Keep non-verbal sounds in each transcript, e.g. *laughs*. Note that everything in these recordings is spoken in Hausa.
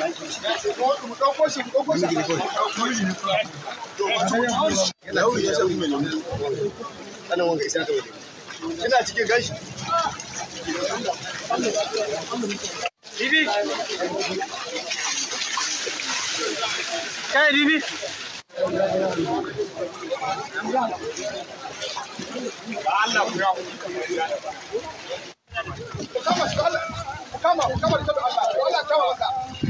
Kina cikin gashi? Bibi! Kai Bibi! Allah ku ya ku kama ku kama ku kama da Allah Allah kama maka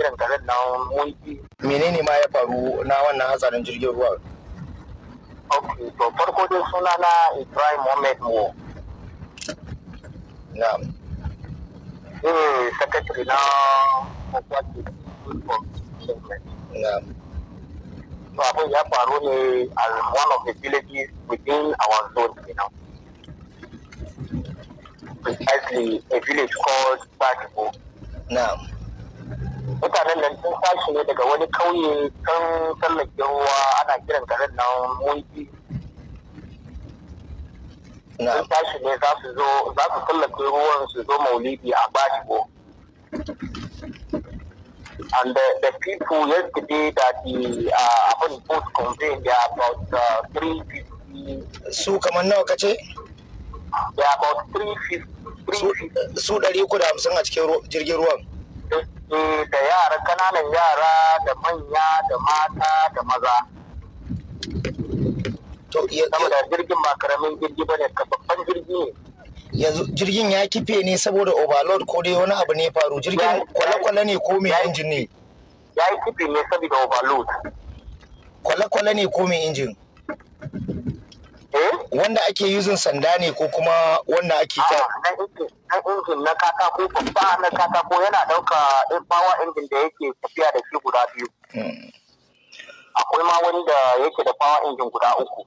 kiran karen na mulki menene ma ya faru na wannan hatsarin jirgin ruwa ok to farko dai suna na ibrahim mohammed mo na eh secretary na kwakwati na to abin ya faru ne a one of the villages within our zone you know precisely a village called Bagbo. Now, mutanen nan sun tashi ne daga wani kauye kan tsallake ruwa ana kiran garin nan munki sun tashi ne za su zo za su tsallake ruwan su zo maulidi a bashigo and the, the people yesterday that the uh, upon post convened they are about uh, fifty. su kamar nawa kace they are about three fifty. su 350 a cikin jirgin ruwan E, da yara kananan yara da manya da mata da maza to iya da jirgin ba karamin jirgi bane babban jirgi ne yanzu jirgin ya kife ne saboda overload ko dai wani abu ne faru jirgin kwale-kwale ne ko mai injin ne ya yi kife ne saboda overload kwale-kwale ne ko mai injin eh? wanda ake yuzin sanda ne ko kuma wanda ake ta ah, na injin na katako babba na katako yana ɗauka bawa injin da yake tafiya da shi guda biyu akwai ma wanda yake da bawa injin guda uku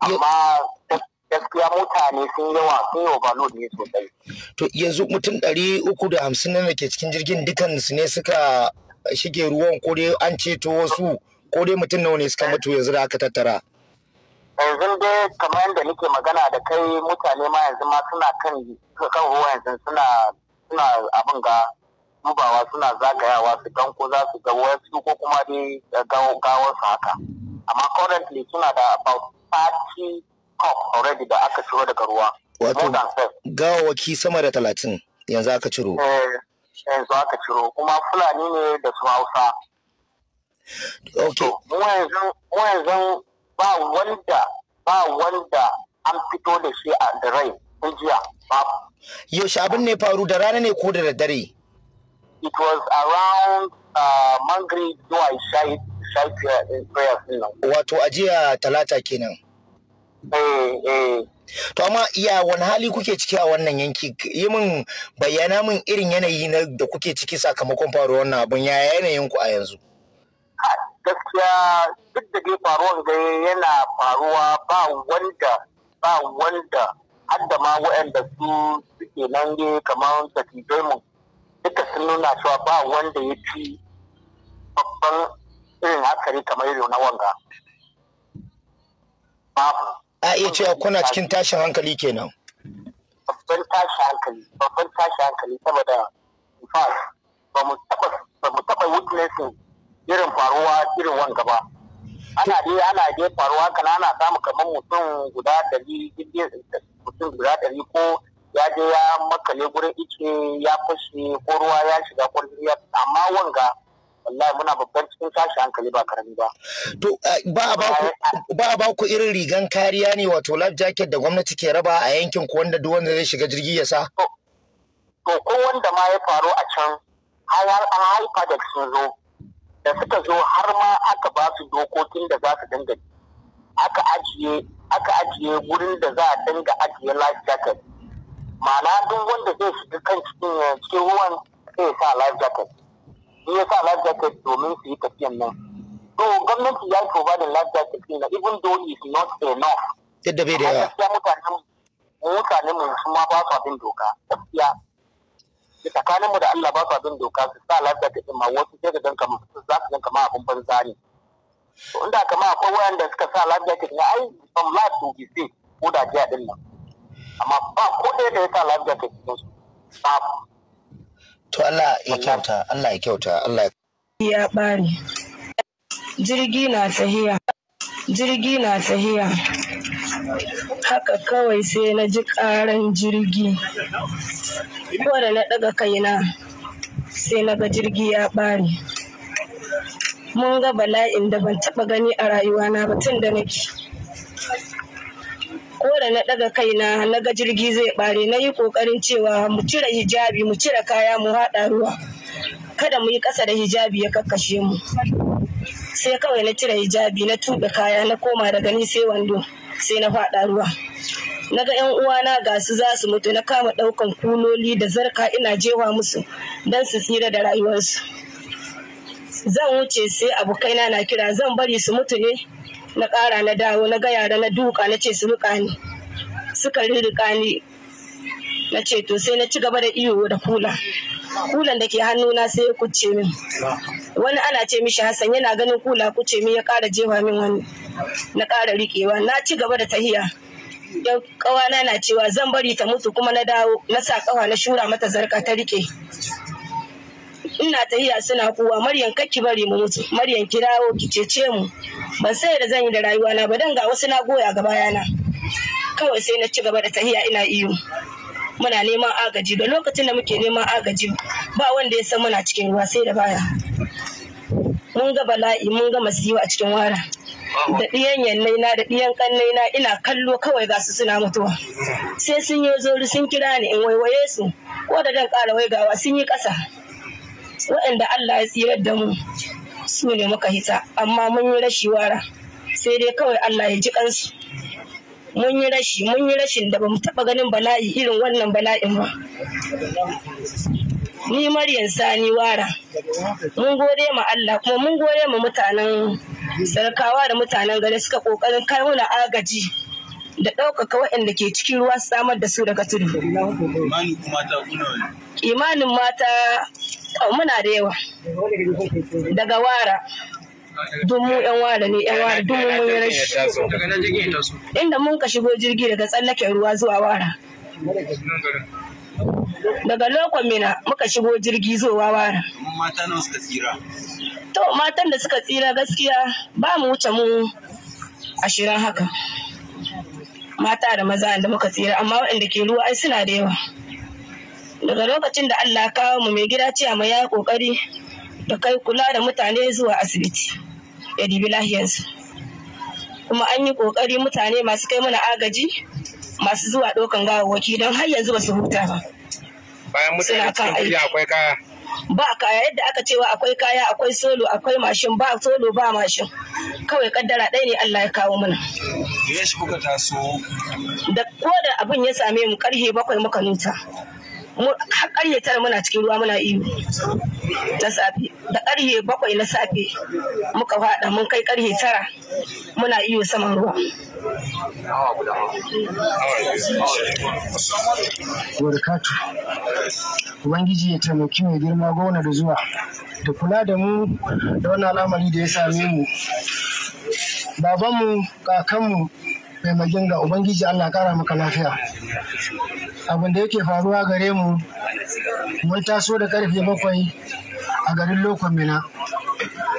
amma gaskiya mutane sun yawa sun yi overload ne sosai to yanzu mutum ɗari uku da hamsin ne ke cikin jirgin dukkan su ne suka shige ruwan ko dai an ceto wasu ko dai mutum nawa ne suka eh. mutu yanzu da aka tattara yanzu dai kamar yadda nake magana da kai mutane ma yanzu ma suna kan kan ruwa yanzu suna suna abin ga dubawa suna zagayawa su gan ko za su ga wasu ko kuma dai gawar su haka amma currently suna da about 30 cup already da aka ciro daga ruwa wato gawawaki sama da talatin yanzu aka ciro eh, yanzu aka ciro kuma fulani ne da su hausa ok mu yanzu ba wanda ba wanda an fito da shi a da rai sun jiya babu yaushe abin ne faru da rana ne ko da daddare it was around uh, mangri zuwa shai shai eh, prayers nan wato ajiya talata kenan eh eh to amma iya wani hali kuke ciki a wannan yanki yi min bayyana min irin yanayi na da kuke ciki sakamakon faruwar wannan abin ya yanayin ku a yanzu gaskiya duk da dai faruwan ga yana faruwa ba wanda ba wanda har da ma waɗanda su suke nan ne kamar da mu duka sun nuna cewa ba wanda ya ci babban irin hatsari kamar irin na wanga a iya cewa kuna cikin tashin hankali kenan babban tashin hankali babban tashin hankali saboda in fact ba mu taɓa witnessing irin faruwa irin wanga ba ana dai ana dai faruwa kana ana samu kamar mutum guda ɗari mutum guda ɗari ko ya je ya makale gurin ice ya fashe ko ruwa ya shiga ko ya amma wanga wallahi muna babban cikin tashi hankali ba karami ba. To ba a ba ku irin rigan kariya ne wato life jacket da gwamnati ke raba a yankin ku wanda duk wanda zai shiga jirgi ya sa? To ko wanda ma ya faru a can har an haifa da sun zo da suka zo har ma aka ba su dokokin da za su dinga aka ajiye aka ajiye gurin da za a dinga ajiye life jacket ma'ana duk wanda zai shiga kan cikin cikin ruwan zai sa life jacket in ya sa life jacket domin su yi tafiyan nan to gwamnati ya yi providing life jacket na even though it's not enough duk da bai da yawa mutanen mu su ma ba su abin doka gaskiya tsakaninmu da Allah ba su bin doka su sa lafiya ta ma wasu sai da danka su za su danka ma abun banza ne to inda kama akwai wayan da suka sa lafiya ta ɗin ai from last to be safe ko da jiya ɗin nan amma ba ko ɗaya yadda ya sa lafiya ta ɗin su babu to Allah ya kyauta Allah ya kyauta Allah ya bare jirgi na tahiya jirgi na tahiya haka kawai sai na ji ƙaran jirgi ko na daga kaina sai na ga jirgi ya bare mun ga bala'in da ban taɓa gani a rayuwana ba tun da nake ko na daga kaina na ga jirgi zai ɓare na yi ƙoƙarin cewa mu cire hijabi mu cire kaya mu haɗa ruwa kada mu yi ƙasa da hijabi ya kakkashe mu sai kawai na cire hijabi na tube kaya na koma daga ni sai wando sai na faɗa ruwa na ga yan uwana ga su za su mutu na kama ɗaukan kuloli da zarka ina jewa musu don su tsira da rayuwarsu zan wuce sai abokaina na kira zan bari su mutu ne na ƙara na dawo na ga yara na duka na ce su rika ni suka ni na ce to sai na ci gaba da iyo da kula, kulan da ke hannuna sai ya kuce min wani ana ce mishi hassan yana ganin kula kuce min ya kara jefa min wani na kara rikewa na ci gaba da tahiya yan kawana na cewa zan bari ta mutu kuma na dawo na sa kawa na shura mata zarka ta rike ina tahiya suna kuwa maryan kaki bari mu mutu maryam kirawo ki cece mu ban sai da zan yi da rayuwa na ba dan ga wasu na goya ga bayana kawai sai na ci gaba da tahiya ina iyo muna neman agaji da lokacin da muke neman agaji ba wanda ya san muna cikin ruwa sai da baya mun ga bala'i mun ga masiyu a cikin wara da ɗiyan yannai na da ɗiyan kannai na ina kallo kawai ga su suna mutuwa sai sun yi zori sun kira ni in waiwaye su ko da dan ƙara waigawa sun yi ƙasa waɗanda Allah ya tsirar da mu su ne muka hita amma mun yi rashi wara sai dai kawai Allah ya ji kansu mun yi rashi mun yi rashin da bamu taba ganin bala'i irin wannan bala'in ba ni Maryam Sani Wara mun gode ma Allah kuma mun gode ma mutanen sarkawa da mutanen gari suka kokarin kai muna agaji da ɗaukaka waɗanda ke cikin ruwa samar da su daga tudu. Imanin mata muna da yawa daga wara duk mu yan wada ne yan wada duk mun yi rashi inda mun ka shigo jirgi daga tsallaken ruwa zuwa wara daga lokon mina muka shigo jirgi zuwa wara mata suka tsira to matan da suka tsira gaskiya ba mu wuce mu ashirin haka mata da maza da muka tsira amma waɗanda ke ruwa ai suna da yawa daga lokacin da Allah kawo mu mai gida ciya mai ya kokari da kai kula da mutane zuwa asibiti ɗari kuma an yi ƙoƙari mutane masu kai mana agaji masu zuwa ɗaukan gawawwaki don har yanzu ba su huta ba bayan mutane cikin akwai kaya ba kaya yadda aka cewa akwai kaya akwai solo akwai mashin ba solo ba mashin kawai kaddara ɗaya ne Allah ya kawo mana da ko da abin ya same mu karhe bakwai muka nuta har karye tara muna cikin ruwa muna iyo na safe da karye bakwai na safe muka faɗa mun kai karye tara muna iyo saman ruwa Ubangiji ya taimaki mai girma gona da zuwa da kula da mu da wani al'amari da ya same mu. Babanmu, kakanmu, mai ga ubangiji allah kara maka lafiya abin da yake faruwa gare mu mun taso da karfe bakwai a garin lokon mina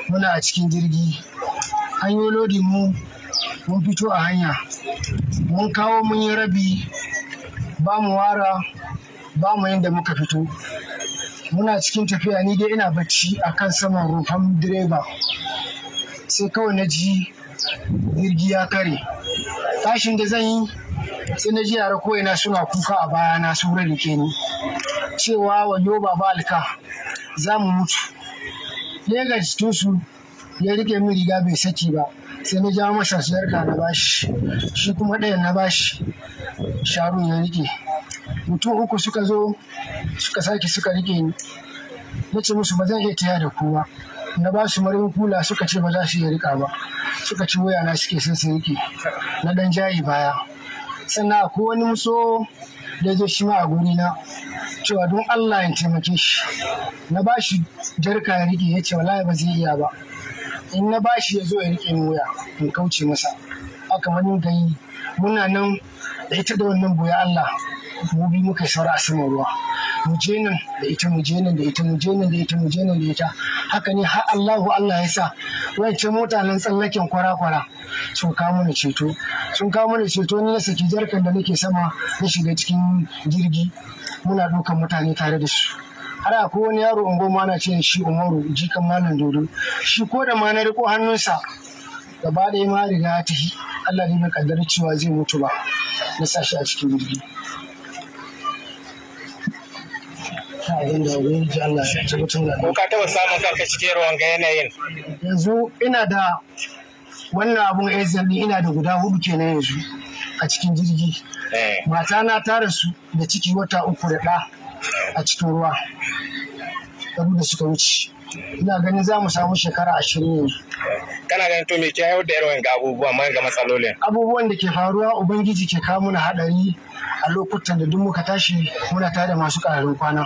muna a cikin jirgi an yi lodi mu mun fito a hanya mun kawo mun yi rabi ba mu wara ba mu yadda muka fito muna cikin tafiya ni dai ina bacci a kan saman rufan direba sai kawai na ji jirgi ya kare tashin da zan yi sai na ji yara ko'ina suna kuka a bayana su rike ni cewa wa Yoba ba alka za mu mutu legas su ya rike min riga bai saki ba sai na jawo masa siyarka na bashi shi kuma ɗaya na bashi sharun ya rike mutum uku suka zo suka sake suka rike ni na ce musu ba zan iya taya da kowa na ba su marin kula suka ce ba za su iya rika ba suka ci waya na suke sun su yake na dan jayi baya sannan ko wani muso da zo shi ma a guri na cewa don Allah ya taimake shi na ba shi jarka ya rike ya ce wallahi ba zai iya ba in na ba shi ya zo ya rike ni waya in kauce masa aka wani gani muna nan da ita da wannan boye Allah mu bi muka saura a saman ruwa mujenin da ita mujenin da ita mujenin da ita mujenin da ita haka ne har Allahu Allah ya sa wai mutanen mutanen tsallaken kwara-kwara sun kawo mana ceto sun kawo mana ceto ni na saki jarkan da nake sama na shiga cikin jirgi muna dukan mutane tare da su har akwai wani yaro ungo na ce shi umaru jikan malam dodo shi ko da ma na riko hannunsa gaba ɗaya ma riga ta Allah ne bai kaddara cewa zai mutu ba na sa shi a cikin jirgi ko ka taba samun karka cikin ruwan ga yanayin yanzu ina da wannan abun azami ina da guda hudu kenan yanzu a cikin jirgi eh. mata na ta rasu da ciki wata uku da ɗa a cikin ruwa ɗaru da suka wuce ina ganin za mu samu shekara ashirin yanzu kana ganin to me ke haifar da irin abubuwan ga matsalolin abubuwan da ke faruwa ubangiji ke kawo mana haɗari a lokutan da duk muka tashi muna tare da masu ƙararrun kwana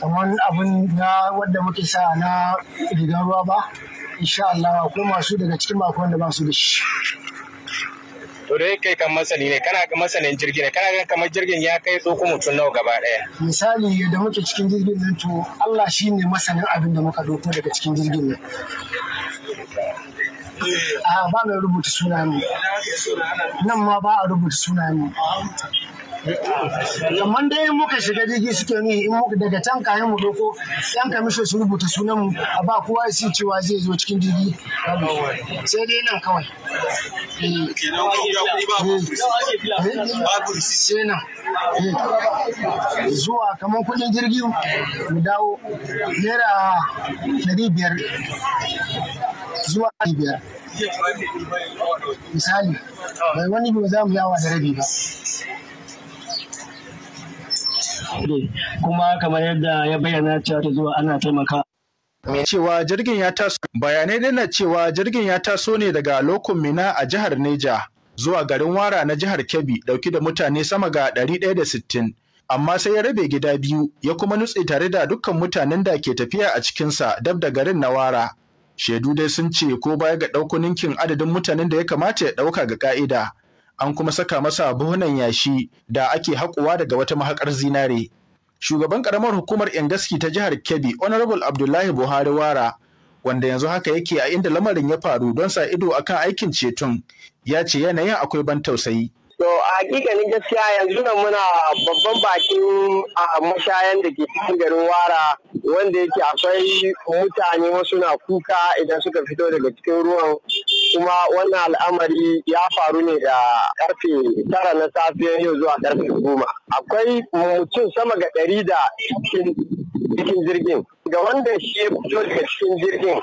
kamar abin na wadda muke sa na rigar ruwa ba insha Allah ko masu daga cikin makon da ba su da shi to dai kai kan masani ne kana ga masanin jirgi ne kana ga kamar jirgin ya kai tsoko mutum nawa gaba daya misali yadda muke cikin jirgin nan to Allah shine masanin abin da muka doko daga cikin jirgin ne a ah, ba mai rubuta suna ne nan ma ba a rubuta suna ne kamar dai muka shiga jirgi suke ni in muka daga can kayan mu doko yan kamisho su rubuta sunan mu a ba kowa su cewa zai zo cikin jirgi sai dai nan kawai sai zuwa kamar kudin jirgi mu dawo naira 500 zuwa biyar misali bai wani biyu za mu yawa da rabi ba kuma kamar yadda ya bayyana cewa ta zuwa ana taimaka cewa jirgin ya taso bayanai nuna cewa jirgin ya taso ne daga lokun mina a jihar neja zuwa garin wara na jihar kebbi dauki da mutane sama ga 160 amma sai ya rabe gida biyu ya kuma nutse tare da dukkan mutanen da ke tafiya a cikinsa dab da garin na wara Shaidu dai sun ce ko baya ga ɗauko ninkin adadin mutanen da ya kamata ya ɗauka ga ƙa'ida, an kuma saka masa buhunan yashi da ake haƙuwa daga wata mahaƙar zinare. Shugaban ƙaramar hukumar 'Yan Yangaski ta jihar Kebbi, Honorable Abdullahi Buhari Wara, wanda yanzu haka yake a inda lamarin ya faru don sa ido akan aikin ceton, ya ce yanayin akwai ban tausayi. To a hakikanin gaskiya yanzu nan muna babban bakin a mashayan da ke cikin garin wara wanda yake akwai mutane wasu na kuka idan suka fito daga cikin ruwan kuma wannan al'amari ya faru ne da karfe tara na safiyar yau zuwa karfe goma. Akwai mutum sama ga ɗari da cikin jirgin. da wanda shi ya fito daga cikin jirgin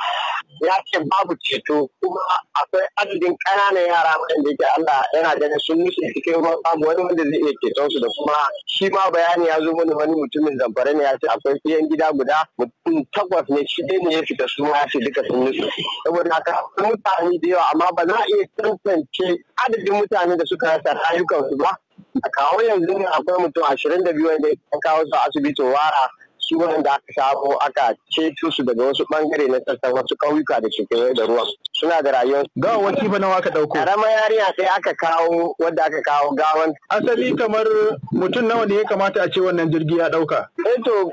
ya ce babu ceto kuma akwai adadin ƙananan yara waɗanda yake Allah yana da sun musu cikin ruwan babu wani wanda zai iya ceton su da kuma shi ma bayani ya zo mana wani mutumin zamfara ne ya ce akwai iyan gida guda mutum takwas ne shi ɗaya ne ya fita su ma ya ce duka sun musu saboda haka akwai mutane da yawa amma ba za a iya tantance adadin mutane da suka rasa rayukansu ba a kawo yanzu akwai mutum ashirin da biyu wanda ya kawo su asibitin wara su wanda aka shafo aka ceto su daga wasu bangare na sassan wasu ƙauyuka da ke kewaye da ruwan suna da rayuwar Gawa wasi ba nawa aka dauko karamar yarinya sai aka kawo wadda aka kawo gawan asali kamar mutum nawa ne ya kamata a ce wannan jirgi ya dauka eh to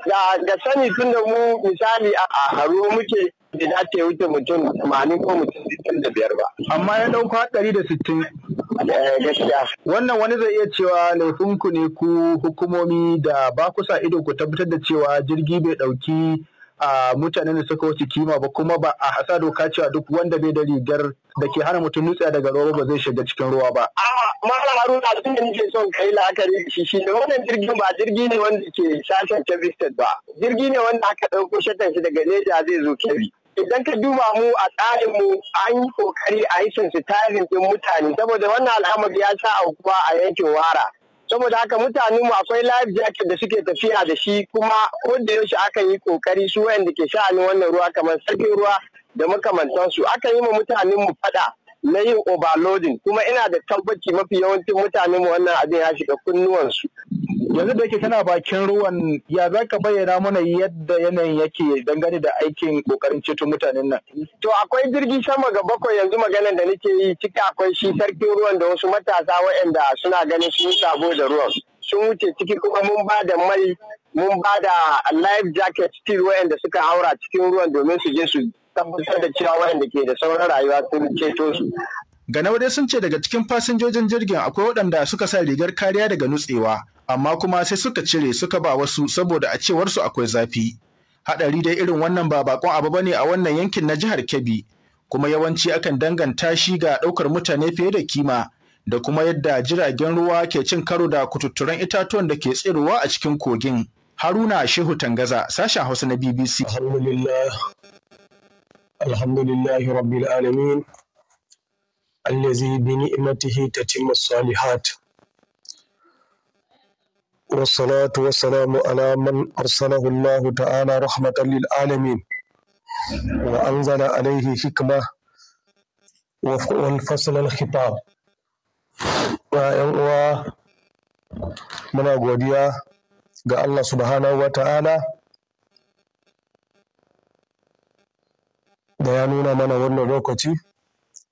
sani tun da mu misali a haro muke da ta wuce mutum 80 ko mutum 65 ba amma ya dauko 160 Eh, gaskiya wannan wani zai iya cewa laifinku ne ku hukumomi da ba ku sa ido ku tabbatar da cewa jirgi bai ɗauki a mutanen da suka wuce kima ba kuma ba a hasa doka cewa duk wanda bai da rigar da ke hana mutum nutsa daga ruwa ba zai shiga cikin ruwa ba. A malam Haruna abin da nake son kai la'akari shi shi ne wannan jirgin ba jirgi ne wanda ke sashen Kebbi ba. Jirgi ne wanda aka ɗauko shatan shi daga Neja zai zo Kebbi. idan ka duba mu a tsarin mu an yi kokari a yi sensitizing din mutane saboda wannan al'amari ya sa aukuwa a yankin wara saboda haka mutanenmu mu akwai life jacket da suke tafiya da shi kuma ko da yaushe aka yi kokari su wayanda ke sha'anin wannan ruwa kamar sarkin ruwa da makamantansu aka yi ma mutanen mu fada na yin overloading kuma ina da tabbaci mafi yawancin mutanen mu wannan abin ya shiga kunnuwansu yanzu da yake tana bakin ruwan ya za ka bayyana mana yadda yanayin yake dangane da aikin kokarin ceto mutanen nan to akwai jirgin sama ga bakwai yanzu maganar da nake yi ciki akwai shi sarkin ruwan da wasu matasa waɗanda suna ganin sun sabo da ruwan sun wuce ciki kuma mun ba da mai mun ba da life jacket steel waɗanda suka haura cikin ruwan domin su je su tabbatar da cewa waɗanda ke da sauran rayuwa sun ceto su Ganawa dai sun ce daga cikin fasinjojin jirgin akwai waɗanda suka sa rigar kariya daga nutsewa amma kuma sai suka cire suka ba wasu saboda a cewarsu akwai zafi. Haɗari dai irin wannan ba bakon abu ne a wannan yankin na jihar Kebbi, kuma yawanci akan danganta shi ga ɗaukar mutane fiye da kima da kuma yadda jiragen ruwa ke cin karo da kututturen itatuwan da ke tsirowa a cikin kogin. Haruna Shehu Tangaza, sashen Hausa na BBC. Alhamdulillah, alhamdulillahi rabbil alamin, allazi bi ni'matihi tatimmu salihat. والصلاة والسلام على من أرسله الله تعالى رحمة للعالمين وأنزل عليه حكمة والفصل الخطاب وأن من أقوديا ga Allah subhanahu wa ta'ala da ya nuna mana wannan lokaci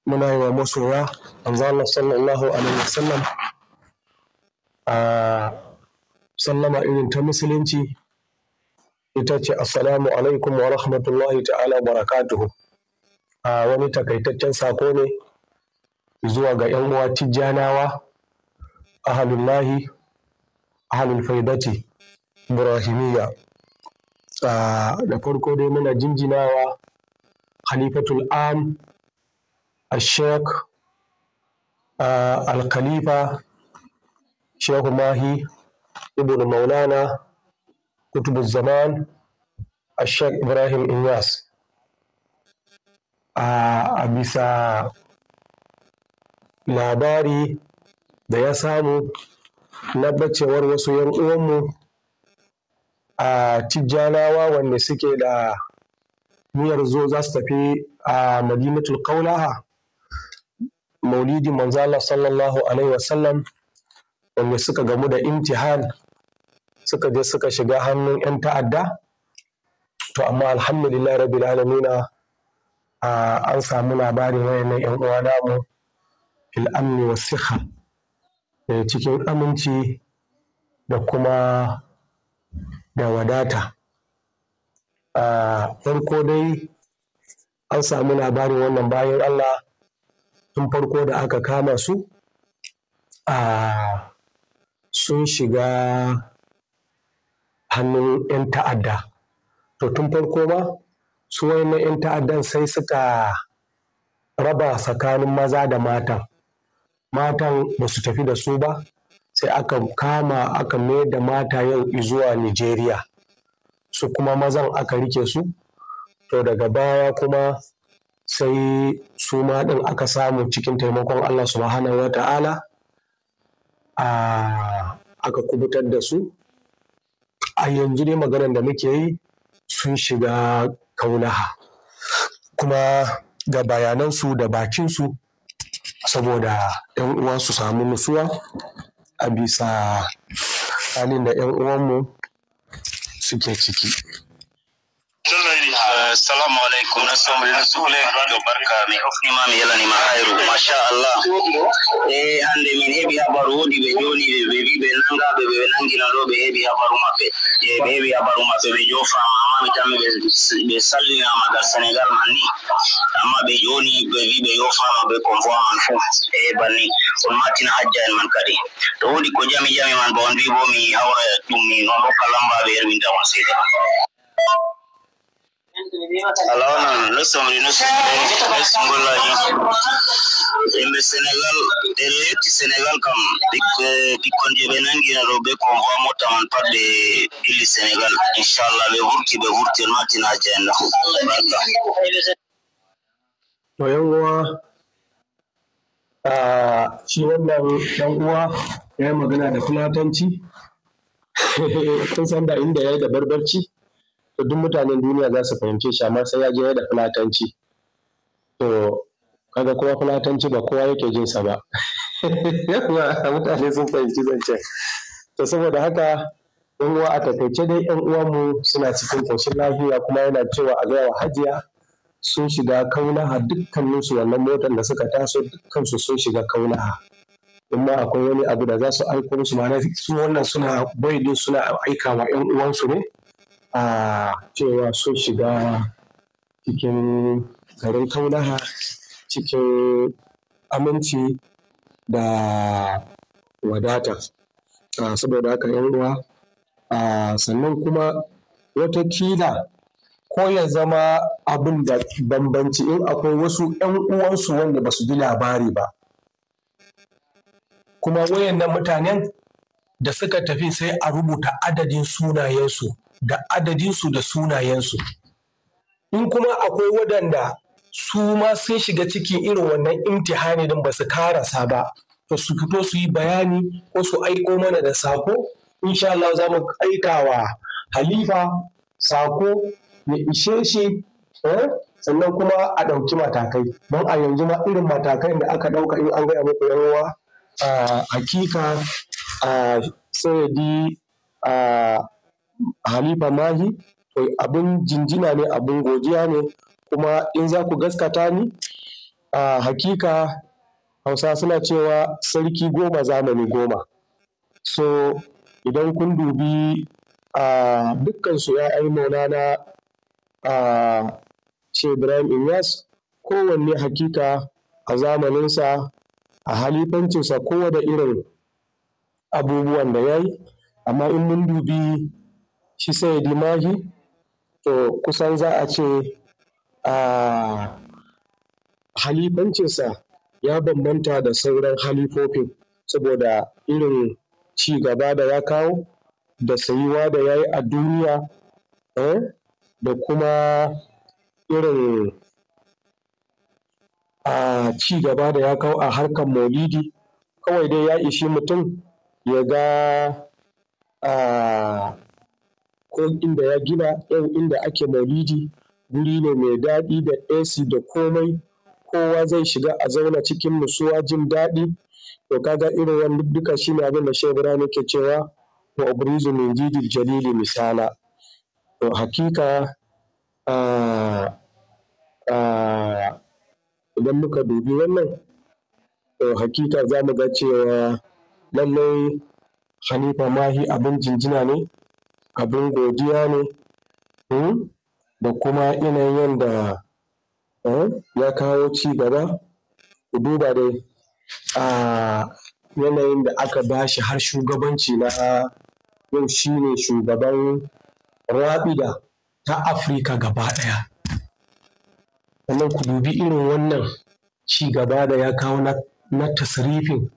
muna yi wa masoya manzo Allah sallallahu alaihi wasallam a sallama irin ta musulunci ita ce assalamu alaikum wa rahmatullahi ta'ala barakatuhu a wani takaitaccen sako ne zuwa ga yan uwa tijjanawa ahalullahi ahalul faidati ibrahimiyya da farko dai muna jinjinawa khalifatul am الشيخ آه Mahi. shehu mahi ibn maulana kutubu zaman ashek ibrahim inyas a bisa labari da ya samu na bacewar wasu yan uwanmu a tijjanawa wanda suke da niyyar zo za su tafi a madinatul kaulaha maulidi manzala sallallahu alaihi wasallam wanda suka gamu da imtihan suka je suka shiga hannun 'yan ta'adda to amma alhamdulillah rabbil alamina an samu labarin wayannan 'yan uwa namu fil amni wa siha cikin aminci da kuma da wadata farko dai an samu labarin wannan bayan allah tun farko da aka kama su a sun shiga hannun 'yan ta'adda to tun farko ma su wayannan 'yan ta'addan sai suka raba tsakanin maza da matan matan ba su tafi da su ba sai aka kama aka mai da mata yau zuwa nigeria su kuma mazan aka rike su to daga baya kuma sai su ma ɗin aka samu cikin taimakon allah subhanahu wa ta'ala A aka kubutar da su a yanzu ne maganar da muke yi sun shiga kaunaha kuma ga bayanansu da bakinsu saboda 'yan uwa su samu nutsuwa a bisa halin da 'yan uwanmu suke ciki assalamu eh, aleykum nastomri no suhle yo barka mi hofnima mi yalanima hayru machallah e eh, hande min heeɓi habaru woodi ɓe joni ɓe wi ɓe nangaɓe ɓe nangina ɗo ɓe heeɓi habaru maɓɓe e ɓe heeɓi habaru maɓɓe ɓe jofama amma mi tammi ɓe sallinama gal sénégal man ni amma ɓe joni ɓe wi ɓe yofama ɓe convoi man fo e banni on martina hajja en man kadi to woodi ko jami jami man bo on wi bo mi hawra ɗum mi non rokka lambaɓe herwindawon seede man Alors, nous sommes venus sur le Sénégal, derrière le Sénégal, comme eh, Pikon Djebenangi, Robé, qu'on voit notamment pas de l'île Sénégal. Inch'Allah, le jour qui va vous tenir maintenant, Agenda. To yawwa a ah, shi wannan dan ya yi magana da fulatanci *laughs* kun san da inda ya yi da barbarci to duk mutanen duniya za su fahimce shi amma sai ya je da fulatanci to kaga kuma fulatanci ba kowa yake jin sa ba yawa mutane sun fahimci zance to saboda haka yan uwa a takaice dai yan uwanmu suna cikin koshin lafiya kuma yana cewa a gaya hajiya sun shiga kaunaha dukkaninsu wannan motar da suka taso su sun shiga kaunaha in akwai wani abu da za su aiko musu ma'ana su wannan suna bai suna aikawa yan uwansu ne a cewa so shiga cikin garin kaunaha cikin aminci da wadata saboda haka uwa sannan kuma kila ko ya zama abin da bambanci in akwai wasu 'yan uwansu wanda ba su ji labari ba kuma wayannan mutanen da suka tafi sai a rubuta adadin sunayensu da adadinsu da sunayensu in kuma akwai waɗanda su ma sun shiga cikin irin wannan imtihani din ba su karasa ba to su fito su yi bayani ko su aiko mana da sako insha Allah za mu aikawa halifa sako ya ishe shi eh, sannan kuma a ɗauki matakai don a yanzu ma irin matakai da aka ɗauka in an gaya muku yawa a hakika a a halifa mahi to abin jinjina ne abin godiya ne kuma in za ku gaskata ni a hakika hausa suna cewa sarki goma zamani goma so idan kun dubi a dukkan su ya'yan maulana a ce ibrahim inyas kowanne hakika a zamaninsa a halifancinsa kowa da irin abubuwan da ya yi amma in mun dubi shi sai dimahi to kusan za a ce a halifancinsa ya bambanta da sauran halifofin saboda irin ci gaba da ya kawo da sayuwa da ya yi a duniya eh, da kuma irin a ci gaba da ya kawo a harkar maulidi kawai dai ya ishi mutum ya ga a ko inda ya gina yau inda ake maulidi guri ne mai daɗi da AC da komai kowa zai shiga a zauna cikin nutsuwa jin daɗi to kaga irin wani duka shine abin da Shehu Ibrahim ke cewa wa ubrizu min jidil jalili misala to hakika idan muka dubi wannan to hakika za mu ga cewa lallai Hanifa Mahi abin jinjina ne abin godiya ne hmm, da kuma yanayin yanda eh, ya kawo cigaba ku duba dai a yanayin da aka bashi har shugabanci na yau shi ne shugaban rabida ta Afirka gaba ɗaya sannan ku dubi irin wannan ci gaba da ya kawo na tasirifin tasrifin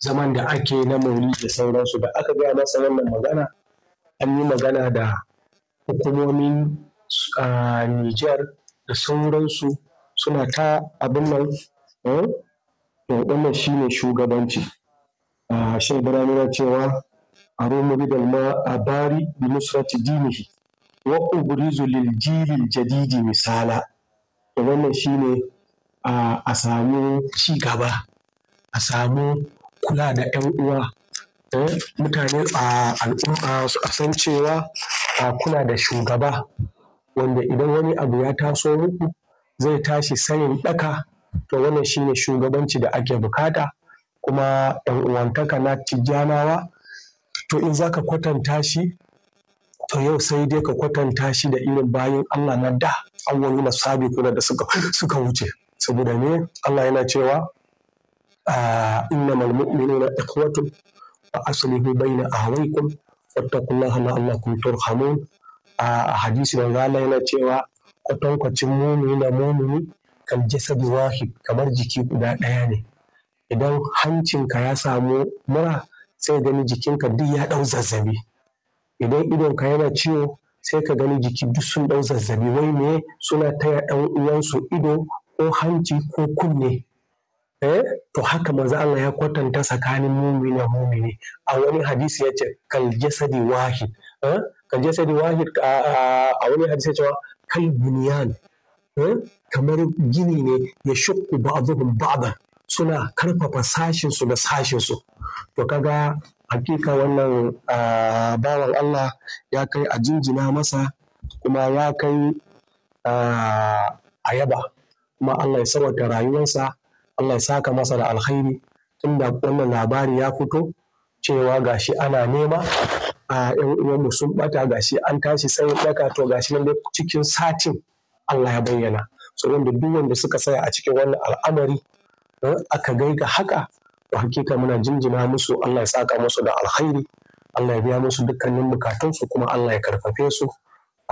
zaman da ake na maulidi da sauransu da aka gaya masa wannan magana an yi magana da hukumomin Nijar da sauransu suna ta abin nan eh, wannan shi ne shugabanci shan birane cewa a roma bidal ma a bari da nusrati dinihi wa ubrizu lil jirin jadidi misala da wannan shi ne a sami ci gaba a samu kula da 'yan uwa mutane a al'umma su san cewa kuna da shugaba wanda idan wani abu ya taso muku zai tashi sanin ɗaka to wannan shine shugabanci da ake bukata kuma yan uwantaka na tijjanawa to in zaka kwatanta shi to yau sai dai ka kwatanta shi da irin bayan Allah na da awwalu na sabiquna da suka suka wuce saboda ne Allah yana cewa innamal mu'minuna ikhwatun aslihu baina ahwaikum fattaqullaha la'allakum turhamun a hadisi da zala yana cewa kwatankwacin mumini na mumini kan jasad wahid kamar jiki guda ɗaya ne idan hancinka ya samu mura sai gani jikinka duk ya ɗau zazzabi idan idonka yana ciwo sai ka gani jiki duk sun ɗau zazzabi wai ne suna taya ɗan uwansu ido ko hanci ko kunne eh to haka manzo Allah ya kwatanta tsakanin mumini da mumini a wani hadisi yace kal jasadi wahid eh kal jasadi wahid a wani hadisi ya ce kal bunyan eh kamar gini ne ya shukku ba'dhum ba'dan suna karfafa sashin su da sashin su to kaga hakika wannan bawan Allah ya kai a jinjina masa kuma ya kai a yaba kuma Allah ya sawata rayuwarsa Allah ya saka masa da alkhairi tunda wannan labari ya fito cewa gashi ana nema a yan uwanmu sun bata gashi an tashi tsayin daka to gashi nan cikin satin Allah ya bayyana so wanda duk wanda suka tsaya a cikin wannan al'amari eh, aka ga haka to hakika muna jinjina musu Allah ya saka musu da alkhairi Allah ya biya musu dukkanin bukatunsu kuma Allah ya karfafe su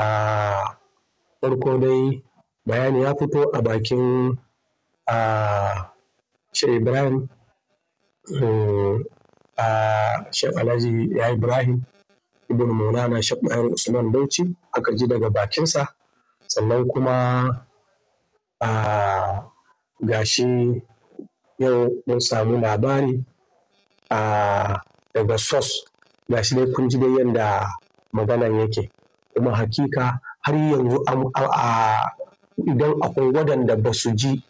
a farko dai bayani ya fito a bakin a Sheikh Ibrahim eh, a Sheikh Alhaji ya Ibrahim Ibn Maulana Sheikh Mahir Usman Bauchi aka ji daga bakinsa sannan kuma a gashi yau mun samu labari a daga sos gashi dai kun ji dai yadda maganan yake kuma hakika har yanzu idan akwai waɗanda ba su ji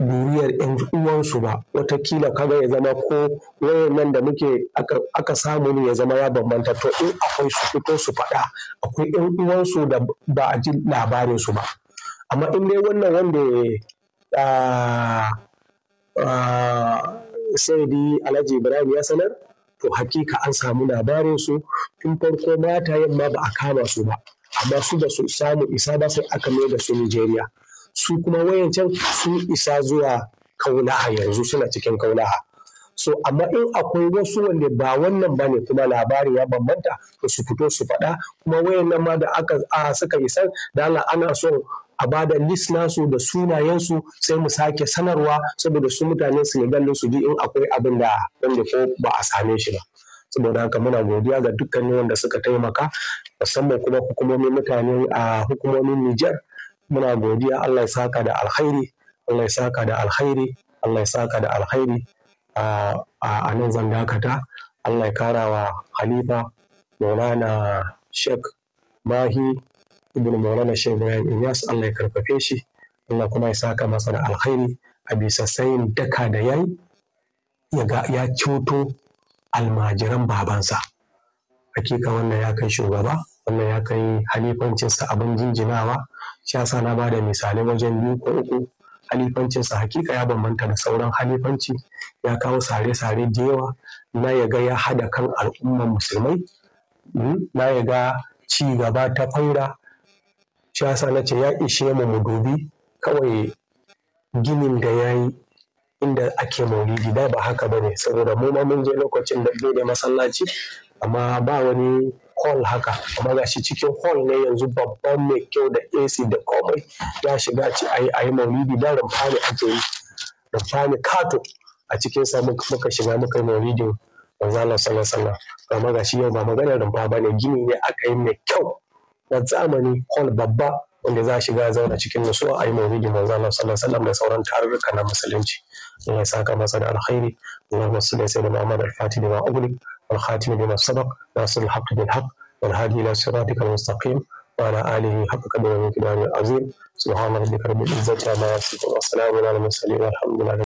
duniyar yan uwansu ba watakila kaga ya zama ko wayan nan da muke aka samu ne ya zama ya bambanta to in akwai su fito su faɗa akwai yan uwansu da ba a ji labarin su ba amma in dai wannan wanda ah, ah, sai di alhaji ibrahim ya sanar to hakika an samu labarin su tun farko mata yamma ba a kama su ba amma su da su samu isa ba sai aka mai da su nigeria su kuma wayan can sun isa zuwa kaunaha yanzu suna cikin kaunaha so amma in akwai wasu wanda ba wannan ba ne kuma labari ya bambanta da su fito su faɗa kuma wayan nan ma da aka a suka isa da Allah ana so a ba da list nasu da sunayensu sai mu sake sanarwa saboda su mutane su Senegal su ji in akwai abin da wanda ko ba a same shi ba saboda haka muna godiya ga dukkanin wanda suka taimaka musamman kuma hukumomin mutane a hukumomin nijar. muna godiya Allah ya saka da alkhairi Allah ya saka da alkhairi Allah ya saka da alkhairi a nan zan dakata Allah ya kara wa Halifa Maulana Sheikh Mahi Ibn Maulana Sheikh Ibrahim Inyas Allah ya karfafe shi Allah kuma ya saka masa da alkhairi a bisa sayin daka da yayi ya cuto almajiran babansa hakika wannan ya kai shugaba wannan ya kai halifancinsa abin jinjinawa shi yasa na bada misalai wajen biyu ko uku sa hakika ya bambanta da sauran halifanci ya kawo sare-sare da yawa na ya ga ya hada kan al'ummar musulmai hmm, na ya ga ci gaba ta faira shi yasa na ce ya ishe mu mu dubi kawai ginin da ya yi inda ake maulidi da ba haka bane saboda mu ma mun je lokacin da bude masallaci amma ba wani hall haka amma ga shi cikin hall ne yanzu babban mai kyau da AC da komai ya shiga ci a yi maulidi da rumfa ake yi kato a cikin sa muka shiga muka yi maulidin manzo Allah sallallahu alaihi wasallam amma ga shi yau ba magana rumfa bane gini ne aka yi mai kyau na zamani hall babba wanda za a shiga zauna cikin nutsuwa a yi maulidi manzo Allah sallallahu alaihi wasallam da sauran tarurruka na musulunci Allah ya saka masa da alkhairi Allahumma salli ala sayyidina Muhammad al-Fatih da ughliq al khatim lima sabaq nasir al-haqq bil haqq wal hadi ila siratika al-mustaqim wa ala alihi haqqa qadri wa miqdari al-azim subhana rabbika rabbil izzati amma yasifun wa salamun ala al-mursalin walhamdulillahi